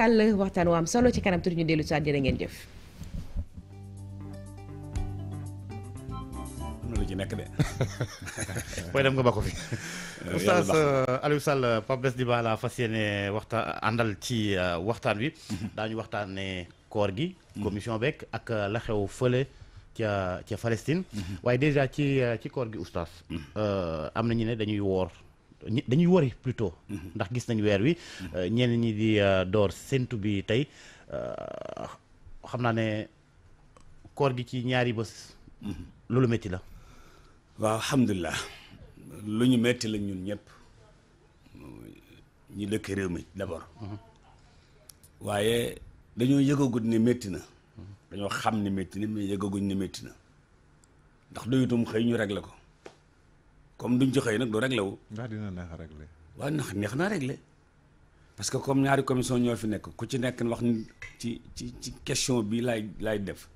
sàll waxtaan waam solo ci kanam tuuti ñu dellu si waat jërë ngeen jëf. booy dem nga bako fi. Oustaz euh, Aliou Sall euh, Pape Less Dibala fas yéene waxtaan àndal ci euh, waxtaan wi. Mhm. daañu waxtaanee koor gi. Mhm. commission beeg ak la xew fële ca ca mhm. waaye dèjà ci ci koor gi Oustaz. am na ñu ne dañuy woor. dañuy wari plutôt mhm. ndax gis nañu weer wi mhm. euh, ñenn ñi di euh, door séntu bi tey euh, xam naa ne koor gi ci ñaari bés mhm. loolu metti la waaw alhamdulilah lu ñu metti la ñun ñëpp ñu dëkk réew mi d'abord waaye dañoo yëgagut ni metti na dañoo xam ne métti na mais yëgaguñ ni métti na ndax doyutum xëy ñu réglé ko comme duñ ci xëy nag du réglé wu. ndax dina neex a réglé. waaw ndax neex naa réglé parce que comme ñaari commission ñoo fi nekk ku ci nekk wax ni ci ci ci question bi laay laay def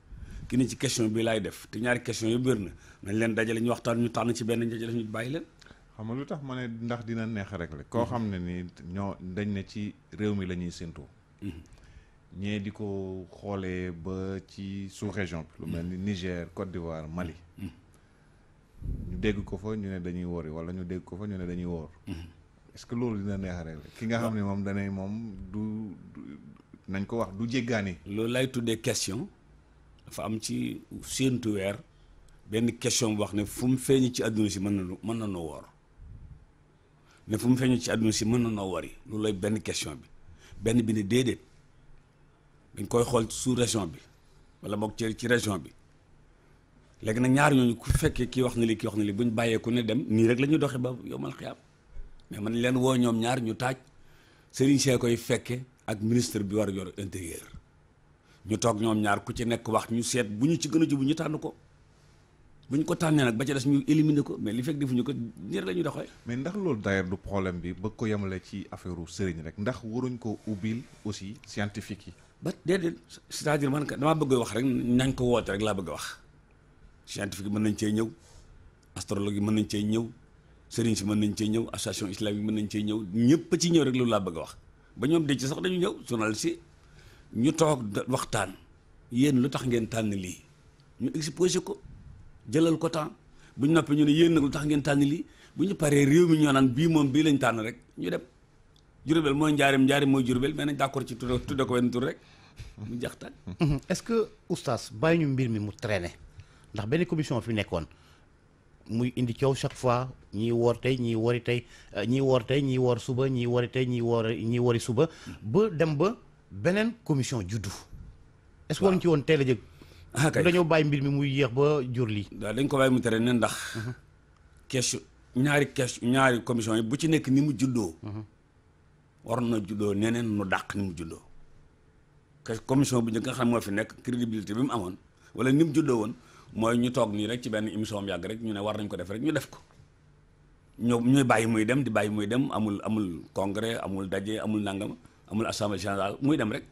ki ni ci question bi laay def te ñaari question yu bëri na nañ leen dajale ñu waxtaan ñu tànn ci benn njëriñ ñu bàyyi leen. xam nga lu tax ma ne ndax dina neex a réglé. koo mm-hmm. xam ne nii ñoo dañ ne ci réew mi la ñuy séntu. Mm-hmm. ñee di ko xoolee ba ci sous région bi. lu mel ni Niger Côte d'Ivoire Mali. Mm-hmm. ñu dégg ko fa ñu ne dañuy wori wala ñu dégg ko fa ñu ne dañuy woor mm-hmm. est-ce que loolu dina neexaree ki nga xam ne moom danay moom du nañ ko wax du jéggaani loolu lay tuddee question dafa am ci séentu weer benn question bu wax ne fu mu feeñu ci àdduna si mën na mën na noo woor ne fu mu feeñu ci àdduna mën na noo wori loolu lay benn question bi benn bi ne déedéet dañ koy xool sous région bi wala mook ci ci région bi léegi nag ñaar ñooñu ku fekkee ki wax na li kii wax na li buñ bàyyeeku ne dem nii rek la ñuy doxee ba yomal xiyaam mais man leen woo ñoom ñaar ñu taaj sëriñ see koy fekke ak ministre bi war yor intérieur ñu toog ñoom ñaar ku ci nekk wax ñu seet bu ñu ci gën a jubu ñu tànn ko bu ñu ko tànnee nag ba ci des ñu éliminer ko mais li fekk defuñu ko nii rek la ñuy doxee. mais ndax loolu d'ailleurs du problème bi bëgg ko yemalee ci affaire sëriñ rek ndax waruñ ko ubbil aussi scientifique yi. ba déedéet c'est-à-dire man damaa bëgg wax rek nañ ko woote rek laa bëgg wax. scientifique mën nañ cee ñëw astrologue yi mën nañ cee ñëw sëriñ si mën nañ cee ñëw association islamique mën nañ cee ñëw ñëpp ci ñëw rek loolu laa bëgg a wax ba ñoom dëcc sax dañu ñëw journaliste si ñu toog waxtaan yéen lu tax ngeen tànn lii ñu exposé ko jëlal ko temps bu ñu noppee ñu ne yéen nag lu tax ngeen tànn lii bu ñu paree réew mi ñoo naan bii moom bii lañ tànn rek ñu dem Jurbel mooy njaarim njaarim mooy Jurbel mais nañ d'accord ci tudde ko wenn tur rek mu jaxtaan est-ce que oustaz bàyyi ñu mbir mi mu traîner ndax benn commission fi nekkoon muy indi coow chaque fois ñii woor tey ñii wori tey euh, ñii woor tey ñii woor suba ñii wori tey ñii woor ñii wori suba ba dem ba beneen commission juddu. est-ce que ci woon teel a jëg. bu ah, dañoo bàyyi mbir mi muy yéex ba jur lii. waaw dañ ko bàyyi mu tere ne ndax. Mhm. question ñaari question ñaari commission yi bu ci nekk ni mu juddoo. Mhm. waroon na juddoo neneen mu dàq ni mu juddoo. commission bu njëkk nga xam moo fi nekk crédibilité bi mu amoon wala ni mu juddoo woon. mooy ñu toog nii rek ci benn émission am yàgg rek ñu ne war nañ ko def rek ñu def ko ñoom ñuy bàyyi muy dem di bàyyi muy dem amul amul congrès amul daje amul nangam amul assemblée générale muy dem rek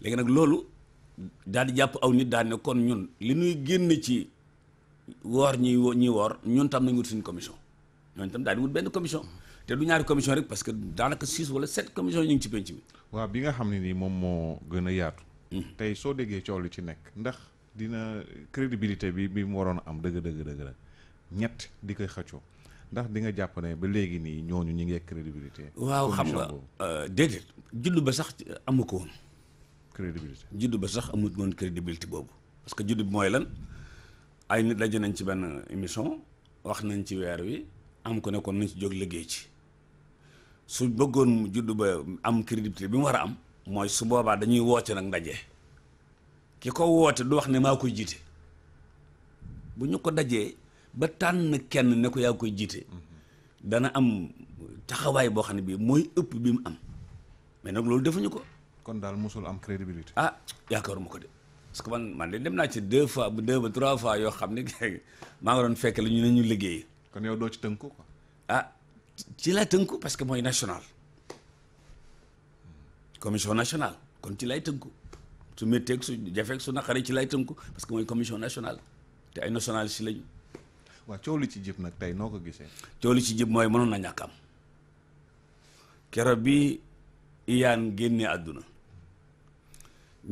léegi nag loolu daal di jàpp aw nit daal ne kon ñun li ñuy génn ci woor ñi ñi woor ñun tam nañ wut suñu commission ñooñu tam daal di wut benn commission te du ñaari commission rek parce que daanaka six wala sept commission ñu ngi ci penc bi. waaw bi nga xam ne nii moom moo gën a yaatu. Hmm. tey soo déggee coow li ci nekk ndax. dina crédibilité bi bi mu waroon am dëgg dëgg dëgg la ñett di koy xëccoo ndax di nga jàpp ba léegi nii ñooñu ñu ngi ak crédibilité. waaw xam nga euh, déedéet. juddu ba sax amu ko woon. crédibilité juddu ba sax amu woon crédibilité boobu. parce que juddu bi mooy lan ay nit daje nañ ci benn émission wax nañ ci weer wi am ko nekkoon nañ ci jóg liggéey ci su bëggoon juddu ba am crédibilité bi mu war a am. mooy su boobaa dañuy woote nag ndaje. ki ko woote du wax ne maa koy jiite bu ñu ko dajee ba tànn kenn ne ko yaa koy jiite dana am taxawaay boo xam ne bii mooy ëpp bi mu am mais nag loolu defuñu ko. kon daal mosul am crédibilité. ah yaakaaruma ko de parce que man man de dem naa ci deux fois bu deux ba trois fois yoo xam ne maa nga doon fekk la ñu ne ñu liggéey. kon doo ci tënku quoi. ah ci laa tënku parce que mooy national commission national kon ci lay tënku. su métteeg su jafeeg su naqari ci lay tënku parce que mooy commission nationale te ay nationalistes si lañu. waaw coow li ci jib nag tey noo ko gisee. coow li ci jib mooy mënoon na ñàkk am bi iyaan génne àdduna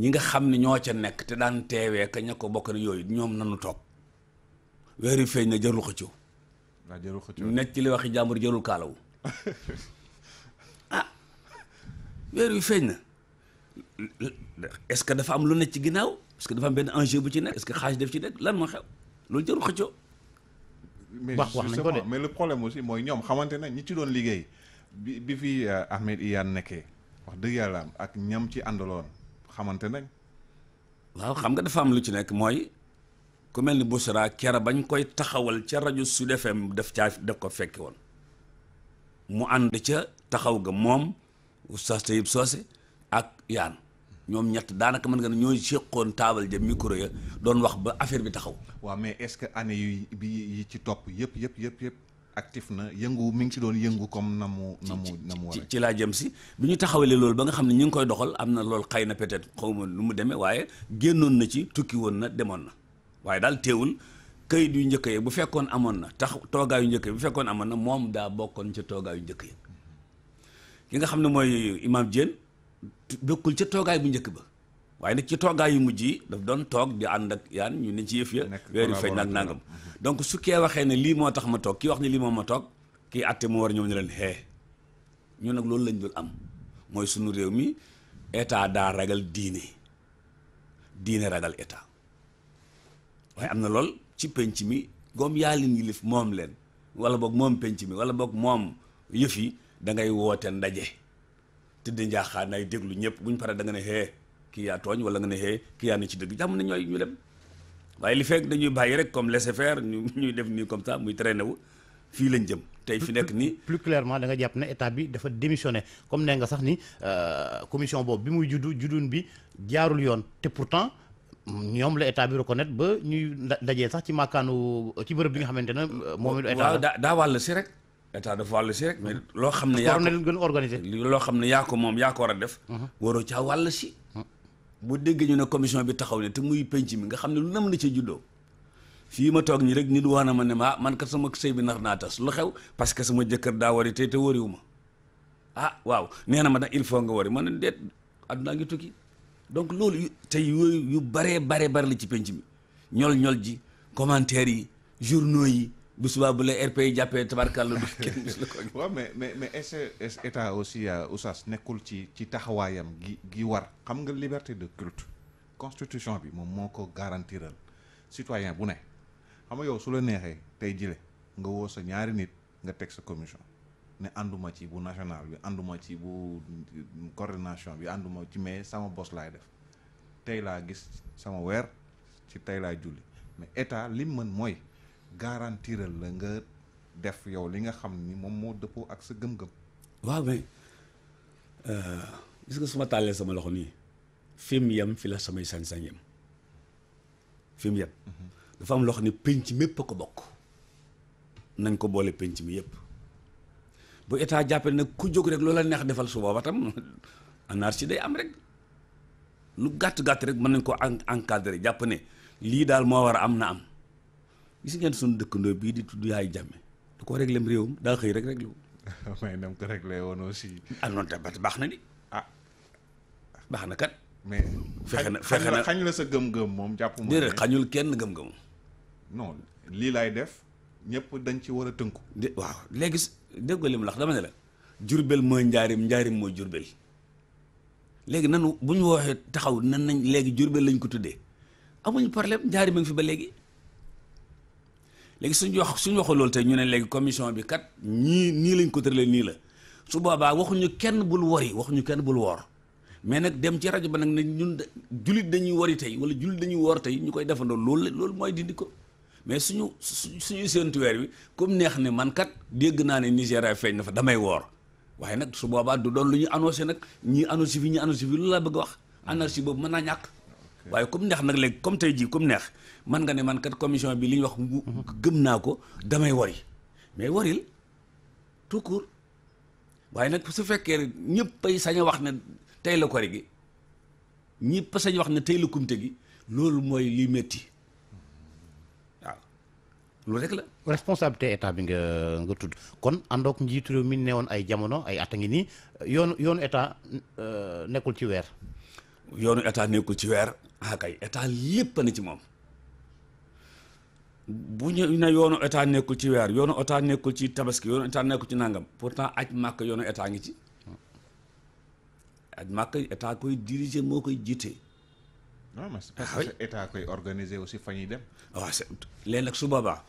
ñi nga xam ni ñoo ca nekk te daan teewee ka ña ko bokk na yooyu ñoom nanu toog weeri feeñ na jarul xëccoo. waaw jarul xëccoo nekk ci li waxi jàmbur jarul kaalawu ah weer wi feeñ na. est-ce que dafa am lu nekk ci ginnaaw est que dafa am benn enjeu bu ci nekk est-ce que xaaj def ci nekk lan moo xew loolu jarul xëccoo. wax wax nañ ko mais le problème aussi mooy ñoom xamante na ñi ci doon liggéey bi fi fi euh, Ahmed Iyane nekkee wax dëgg yàlla ak ñam ci àndaloon xamante nañ. waaw xam nga dafa am lu ci nekk mooy ku mel ni Bouchra kera bañ koy taxawal ca rajo Sud FM def caa def ko fekke woon mu ànd ca taxaw ga moom oustaz Tayib Socé ak Yaan. ñoom ñett daanaka mën nga ne ñooy séqoon taabal ja micro ya doon wax ba affaire bi taxaw. waaw mais est-ce que année yu bi yi ci topp yëpp yëpp yëpp yëpp actif na yëngu mi ngi ci doon yëngu comme na mu. na mu na mu ci laa jëm si. bi ñu taxawalee loolu ba nga xam ne ñu ngi koy doxal am na loolu xëy na peut-être xaw ma lu mu demee waaye génnoon na ci tukki woon na demoon na waaye daal teewul. kayit yu njëkk yi bu fekkoon amoon na tax toogaay yu njëkk yi bu fekkoon amoon na moom daa bokkoon ca toogaay njëkk yi ki nga xam ne mooy Imam Diène bokkul ca toogaay bu njëkk ba waaye nag ci toogaay yu mujj yi daf doon toog di ànd ak yaan ñu ne ci yëf ya weeri feeñ nag nangam donc su kee waxee ne lii moo tax ma toog kii wax ne lii moo ma toog kii atte moo war ñoom ne leen xee ñu nag loolu lañ dul am mooy suñu réew mi état daa ragal diine diine ragal état waaye am na lool ci penc mi goom yaa leen yilif moom leen wala boog moom penc mi wala boog moom yëf yi dangay ngay woote ndaje tëdd njaaxaan déglu ñëpp buñ paree da nga ne xee kii yaa tooñ wala nga ne xee kii yaa ne ci dëgg jàmm na ñooy ñu dem waaye li fekk dañuy bàyyi rek comme laisser faire ñu ñuy def nii comme ça muy traîner wu fii lañ jëm tey fi nekk nii plus clairement da nga jàpp ne état bi dafa démissionné comme ne nga sax ni euh, commission boobu bi muy juddu juddun bi jaarul yoon te pourtant ñoom la état bi reconnaître ba ñuy dajee sax ci màkkaanu ci bërëb bi nga xamante euh, état dafa wàll si rek mm-hmm. loo xam ne. yaa ko loo xam ne yaa ko moom yaa ko war a def. Mm-hmm. waroo caa wàll si. Mm-hmm. bu déggee ñu ne commission bi taxaw ne te muy penc mi nga xam ne lu nam na ci juddoo. fii ma toog ñi rek nit wax na ma ne ma ah, man kat sama sëy bi nar naa tas lu xew parce que sama jëkkër daa wari tey te wariwu ah waaw nee na ma nag il faut nga wari ma a deet addunaa ngi tukki donc loolu tey yooyu yu bare bare bari la ci penc mi ñol ñol ji commentaires yi journaux yi bu subaa bu la RPI jàppee tabarkàlla du kenn la ko waaw mais mais mais est ce aussi euh, Oustaz nekkul ci ci taxawaayam gi gi war xam nga liberté de culture constitution bi moom moo ko garantiral citoyen bu ne xam nga yow su la neexee tey jile nga woo sa ñaari nit nga teg sa commission ne ànduma ci bu national bi ànduma ci bu coordination bi ànduma ci mais sama bos laay def tey laa gis sama weer ci tey laa julli mais état lim mën mooy garantiral la nga def yow li nga xam ni moom moo dëppoo ak sa gëm-gëm. waaw mais euh, gis nga su ma sama loxo nii fi mu la samay sañ-sañ yem fi mu yem. Mm-hmm. dafa am loo ne penc mépp a ko bokk. nañ ko boole penc mi yëpp bu état jàppale nag ku jóg rek loola neex defal suba booba tam anarchie day am rek lu gàtt gàtt rek mën nañ ko encadrer jàpp ne lii daal moo war a am na am. gis ngeen sunu dëkkandoo bii di tudd yaay jàmme da ko réglé réewam daa xëy rek réglé wu. may nam ko réglé woon aussi. ah non te baax na ni. ah baax na kat. mais fexe na fexe na xañ la sa gëm-gëm moom jàpp moom. déedéet kenn gëm-gëm. non lii laay def ñëpp dañ ci war a tënku. de waaw léegi dégg nga lax mu ne la. jurbel mooy njaarim njaarim mooy jurbel léegi nanu bu ñu waxee taxaw nan nañ léegi jurbel lañ ko tuddee amuñu problème njaarim a ngi fi ba léegi. léegi suñ wax suñu waxu loolu tey ñu ne léegi commission bi kat ñii nii lañ ko tëralee nii la su boobaa waxuñu kenn bul wori waxuñu kenn bul woor mais nag dem ci rajo ba nag ne ñun jullit dañuy wori tey wala jullit dañuy woor tey ñu koy defandoo loolu loolu mooy dindi ko mais suñu suñu séntu weer bi comme neex ne man kat dégg naa ne Nigéria feeñ na fa damay woor waaye nag su boobaa du doon lu ñu annoncé nag ñii annoncé fi ñii annoncé fi lu laa bëgg a wax anarchie boobu mën naa ñàkk. waaye comme neex nag léegi comme tey jii comme neex man nga ne man kat commission bi li ñu wax gëm naa ko damay wari mais waril tout waaye nag su fekkee ñëpp ay sañ wax ne tey la ko rek gi ñëpp sañ wax ne tey la kumte gi loolu mooy li métti waaw loolu rek la. responsabilité état bi nga nga tudd kon àndoog njiitu réew mi ne woon ay jamono ay at ngi nii yoonu yoonu état euh, nekkul ci weer. yoonu état nekkul ci weer ah kay état lépp na ci moom bu ñu ne yoonu état nekkul ci weer yoonu état nekkul ci tabaski yoonu état nekkul ci nangam pourtant aj màkk yoonu état ngi ci aj màkk état koy diriger moo koy jiite. non mais parce ah que koy organiser aussi fa ñuy dem. waaw ah, nag su boobaa.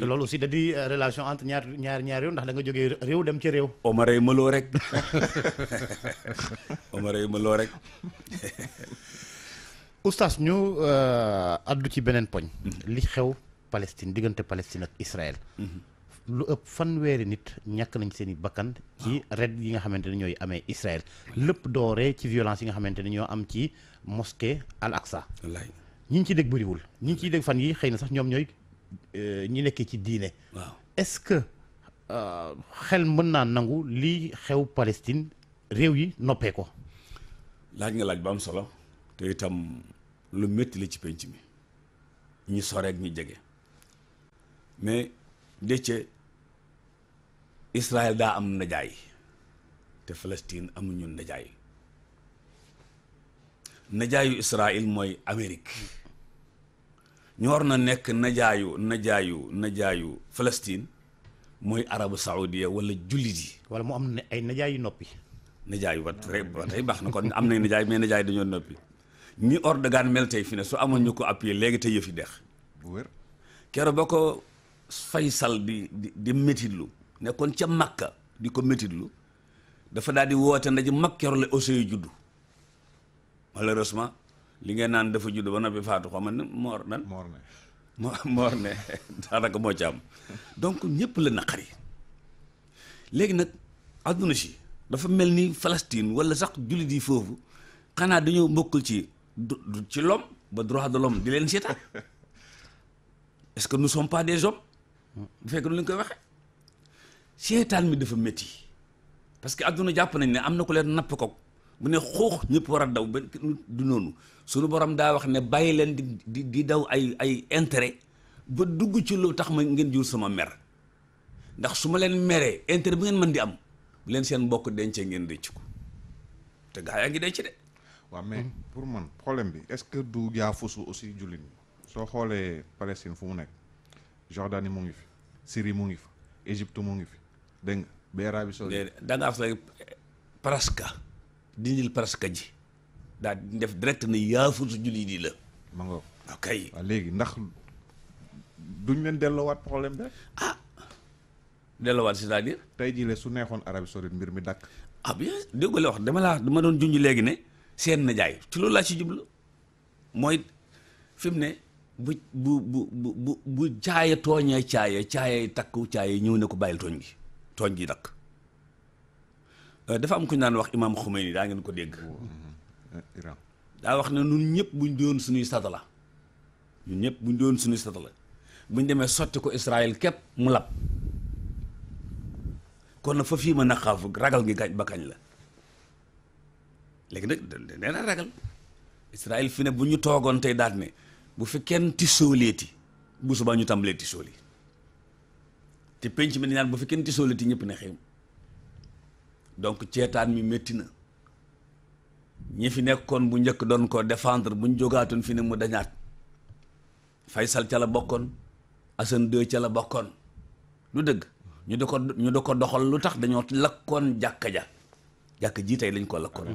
loolu aussi da di euh, relation entre ñaar ñaari ñaar réew ndax da nga jógee réew dem ci réew. Omare Malo rek Omare Malo rek. oustaz ñu euh, addu ci beneen poñ. Mhm. li xew Palestine diggante Palestine ak Israël. Mhm. lu ëpp fan fanweeri nit ñàkk nañ seen i bakkan. ci red yi nga xamante ne ñooy amee Israël. lépp dooree ci violence yi nga xamante ne ñoo am ci mosquée Al Aqsa. wallaay ñi ñu ciy dégg bëriwul ñi ñu ciy dégg fan yi xëy na sax ñoom ñooy. Euh, ñi nekkee ci diine. waaw est-ce que euh, xel mën naa nangu lii xew Palestine réew yi noppee ko. laaj nga laaj ba am solo te itam lu métti la ci penc mi ñu sore ak ñi jege mais dëcce Israël daa am najaay te Palestine amuñu najaay najaayu Israël mooy Amérique. ñoor na nekk najaayu najaayu najaayu Palestine mooy arabu saoudia wala jullit yi. wala mu am ay najaayu noppi. najaayu ba tey ba tey baax na kon am nay najaay mais najaay dañoo noppi ñi Erdogan mel tey fi ne su amoon ñu ko appuyé léegi te yëfi dex. bu wér keroog ba ko Faysal di di di métitlu nekkoon ca Makka di ko métitlu dafa daal di woote ndaje mag keroog la Océan yu juddu malheureusement. li nga naan dafa judd ba noppi faatu xaw ma ne moor nan moor ne moor ne daanaka moo ci am donc ñëpp la naqari léegi nag àdduna si dafa mel ni Palestine wala sax jullit yi foofu xanaa dañoo bokkul ci du ci lom ba droit de lom di leen seetaan est-ce que nous pas des hommes bu fekkee nu lañ ko waxee seetaan mi dafa métti parce que àdduna jàpp nañ ne am na ko leen napp ko bu ne xuux ñëpp war a daw ba du noonu suñu borom daa wax ne bàyyi leen di di di daw ay ay intérêt ba dugg ci lu tax ma ngeen jur sama mer ndax su ma leen meree intérêt bu ngeen mën di am bu leen seen mbokk dencee ngeen rëcc ko te gaa yaa ngi denc de. waaw mais pour man problème bi est-ce que du jaafusu aussi jullit ñi soo xoolee Palestine fu mu nekk Jordanie mu ngi fi Syrie mu ngi fi Égypte mu ngi fi dégg nga. ba Arabie Saoudite da nga presque. dindil presque ji daal def direct ne yaafu su julli di la. ma ngoog ok léegi ndax duñ leen delloowaat problème bi ah delloowaat c'est-à-dire. tey jii la su neexoon Arabie Saoudite mbir mi dakk ah bien dégg la wax dama laa dama doon junj léegi ne seen na jaay ci loolu laa ci jublu mooy fi mu ne bu bu bu bu bu caaya tooñee caaya caaya takku caaya ñëw ne ko bàyyil tooñ gi tooñ gi dakk Euh, dafa am ku ñu naan wax imaam Khomeini daa ngeen ko dégg. Oh, uh-huh. uh, daa wax ne ñun ñëpp buñ doon suñuy satala ñun ñëpp buñ doon suñuy satala buñ demee sotti ko Israël képp mu lab kon na fa fii ma naqaafu ragal gi gañ ba kañ la léegi nag nee na ragal Israël fi ne bu ñu toogoon tey daat ne bu fi kenn ti sooleeti bu subaa ñu tàmbalee ti sooli te penc mi di naan bu fi kenn ti sooleeti ñëpp ne xew donc ceetaan mi métti na ñi fi nekkoon bu njëkk doon ko defendre buñ jógaatoon fi ne mu dañaat Faysal ca la bokkoon Assane deux ca la bokkoon lu dëgg ñu di ko ñu di ko doxal lu tax dañoo lakkoon jàkka ja jàkka ji tey lañ ko lakkoon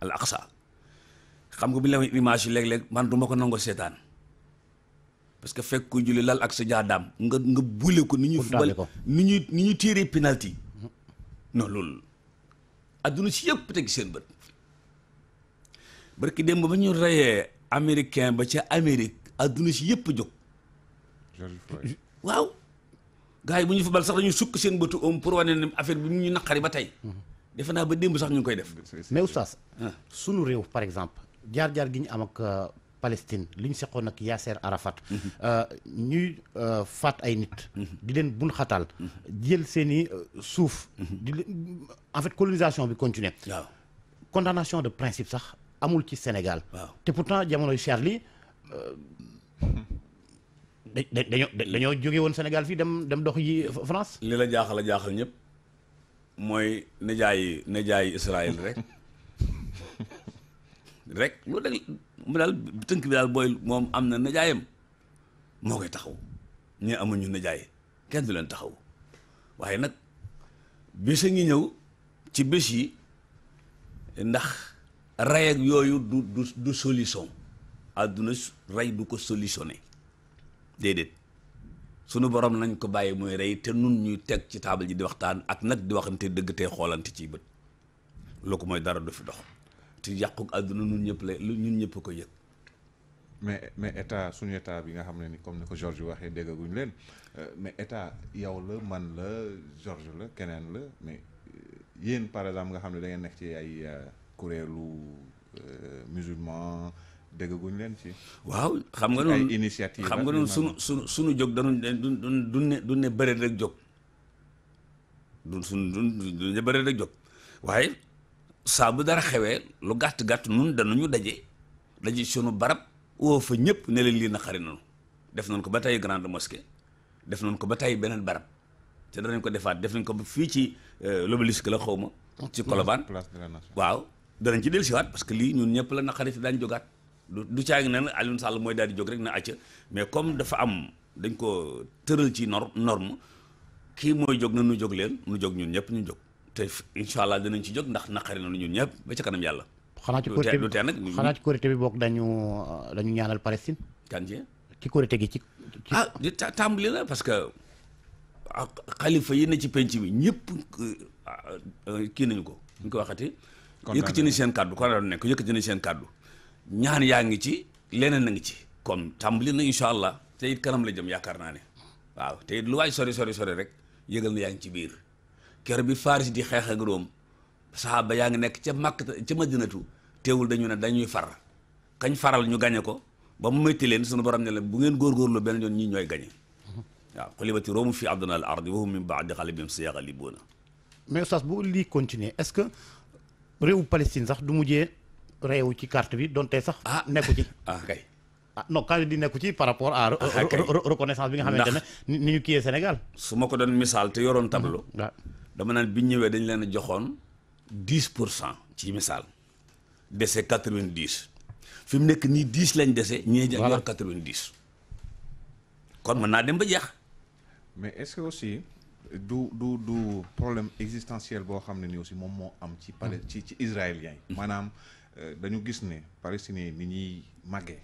al xam nga bi ñu la image yi léeg-léeg man du ko nangoo seetaan parce que fekk ku julli lal ak sa jaadaam nga nga bule ko ni ñu fubal ni ñu ni ñuy tiiree penalty adduna si yëpp teg seen bët barki démb ba ñu reyee américain ba ca Amérique adduna si yëpp jóg. waaw. gars yi bu ñu fa bal sax dañu sukk seen bëtu om pour wane ne affaire bi mu ñu naqari ba tey. Mhm. def naa ba démb sax ñu koy def. mais oustaz. Ah. sunu réew par exemple jaar jaar gi ñu am euh, Palestine li ñu seqoon ak Yasser Arafat. Mhm. Euh, ñuy euh, faat ay nit. Mhm. di leen bun xataal. Mhm. jël seeni euh, suuf. di leen en fait colonisation bi continuer waaw condamnation de principe sax amul ci Sénégal. te pourtant jamonoy Charlie. da da dañoo dañoo jóge woon Sénégal fii dem dem dox yi France. li la jaaxal a jaaxal ñëpp mooy najaayi najaayi Israël rek. rek loolu rek mu daal tënk bi daal booy moom am na najaayam moo koy taxaw ñee amuñu najaay kenn du leen taxaw waaye nag bés ngi ñëw ci bés yi ndax rey ak yooyu du du du solution àdduna rey du ko solutionné déedéet sunu borom nañ ko bàyyi mooy rey te nun ñuy teg ci taabal ji di waxtaan ak nag di waxante dëgg te xoolante ci bët loo ko mooy dara du fi dox te yàqu àdduna ñun ñëpp lu ñun ñëpp ko yëg. mais mais état suñu état bi nga xam ne ni comme ni ko Georges waxee déggaguñu leen euh, mais état yow la man la Georges la keneen la mais euh, yéen par exemple nga xam ne da ngeen nekk ci ay euh, kuréelu musulman déggaguñu leen ci. waaw xam nga noonu initiative xam nga noonu suñu suñu suñu jóg dañu duñ du ne duñ ne bëreet rek jog duñ suñ duñ duñ ne bëreet rek jóg waaye. saa bu dara xewee lu gàtt gàtt nun danañu daje daje sunu barab woo fa ñëpp ne leen lii naqari noonu def nañ ko ba tey grande mosquée def nañ ko ba tey beneen barab te danañ ko defaat def nañ ko fii ci euh, l'obélisque la xaw ma. ci Colobane waaw danañ ci dellusiwaat parce que lii ñun ñëpp la naqari te daañ jógaat du du caagi ne na Alioune Sall mooy daal di jóg rek na acca mais comme dafa am dañ ko tëral ci nor norme kii mooy jóg na nu jóg leen nu jóg ñun ñëpp ñu jóg. te incha allah dinañ ci jóg ndax naqari nañu ñun ñëpp ba ca kanam yàlla. xanaa ci korité bi lu tee nag xanaa ci korité bi bokk dañu dañu ñaanal Palestine. kan ci ci gi ci. ah di tàmbali la parce que xalifa yi na ci penc bi ñëpp ah, ah, kii nañu ko. ñu ko waxati. yëkkati ni seen kàddu kon nekk yëkkati ni seen kàddu ñaan yaa ngi ci leneen na ngi ci kon tàmbali na incha allah te it kanam la jëm yaakaar naa ne waaw te it lu waay sori sori rek yëgal na yaa ngi ci biir ker bi Faris di xeex ak Room saxaaba yaa ngi nekk ca Makka ca Madinatu teewul dañu ne dañuy far kañ faral ñu gañe ko ba mu metti leen sunu borom ne leen bu ngeen góorgóorlu benn yoon ñi ñooy gañe waaw xulibati Roomu fi adna al ardi wa hum min baadi xalibihim sayaxlibuuna mais oustaz bu lii continuer est-ce que réewu Palestine sax du mujjee réewu ci carte bi donte sax. ah nekku ci ah kay. ah di nekku ci par rapport à. Ah, reconnaissance bi nga xamante ne ni ñu kiyee Sénégal. su ma ko doon misaal te yoroon tableau. Mm-hmm. dama naan bi ñëwee dañ leen a joxoon dix pour cent ci missal dese quatre vingt dix fi mu nekk nii dix lañ dese. ñee ñi yor quatre kon mën naa dem ba jeex. mais est-ce que aussi du du du problème existentiel boo xam ne ni aussi moom moo am. ci pale ci ci israéliens yi. maanaam euh, dañu gis ne palestiniens ni ñuy màggee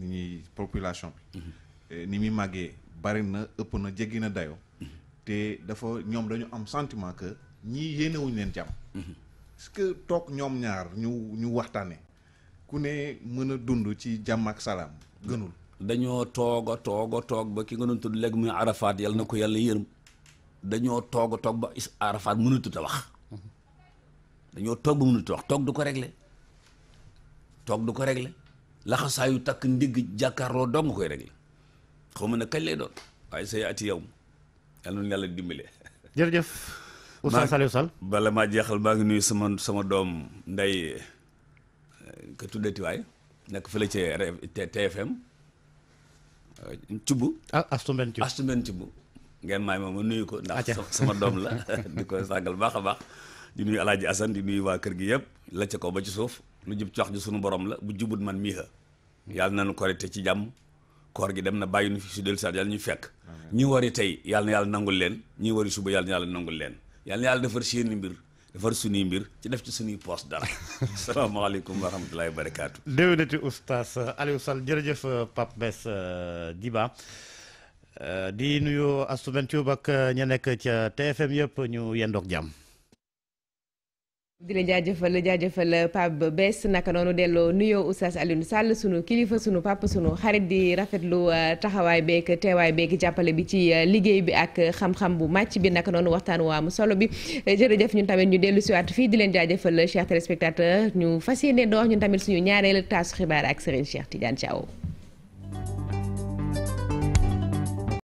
ni ñuy population bi. Mhm. Euh, ni muy màggee bari na ëpp na jéggi na dayo mhm. te dafa ñoom dañu am sentiment que ñii yéenewuñ leen jàmm parce mhm. que toog ñoom ñaar ñu ñu waxtaane ku ne mën a dund ci jàmm ak salaam gënul dañoo toog a toog toog ba ki nga doon tudd léegi muy arafaat yal na ko yàlla yërëm dañoo toog a toog ba is arafaat mënatut a wax dañoo toog ba mënatut wax toog du ko régler toog du ko régler laxasaayu takk ndigg jàkkaarloo dong nga koy régler xaw mën a kañ lay doon waaye say ati yow yal na yàlla dimbale. jërëjëf Oustaz Saliou Sall. bala maa jeexal maa ngi nuyu sama sama doom nday eh, ka tuddati waay nekk fële ci TFM. Cubb. ah Astumben Cubb Astumben Cubb. ngeen maay moom ma nuyu ko. ndax sama doom la di koy sàggal baax a baax. di nuyu Alaaji Asan di nuyu waa kër gi yëpp. la ko ba ci suuf lu jub ci wax ji sunu borom la bu jubut man mii na nu ko korite ci jàmm. koor gi dem na bàyyi nu fi su dellu saat yàlla ñu fekk ñuy wari tey yàlla na yàlla nangul leen ñuy wari suba yàlla na yàlla nangul leen yàlla na yàlla defar seeni mbir defar suñuy mbir ci def ci suñuy poos dara salaamaaleykum wa rahmatulahi wa barakaatu déwénati oustaz Aliou Sall jërëjëf euh, Pape Mass euh, Diba euh, di nuyu Astou Bène Thioub ak ña nekk ca TFM yëpp ñu yendoog jàmm di la jaajëfal jaajëfal euh, Pape bes naka noonu delloo nuyoo Oustaz Alioune Sall sunu kilifa sunu pàpp sunu xarit di rafetlu euh, taxawaay beeg teewaay beeg jàppale bi ci euh, liggéey bi ak xam-xam bu màcc bi naka noonu waxtaan waa solo bi jërëjëf ñu tamit ñu dellu siwaat fii di leen jaajëfal chers téléspectateurs ñu fas yéene door ñu tamit suñu ñaareelu taasu xibaar ak Serigne Cheikh ci aw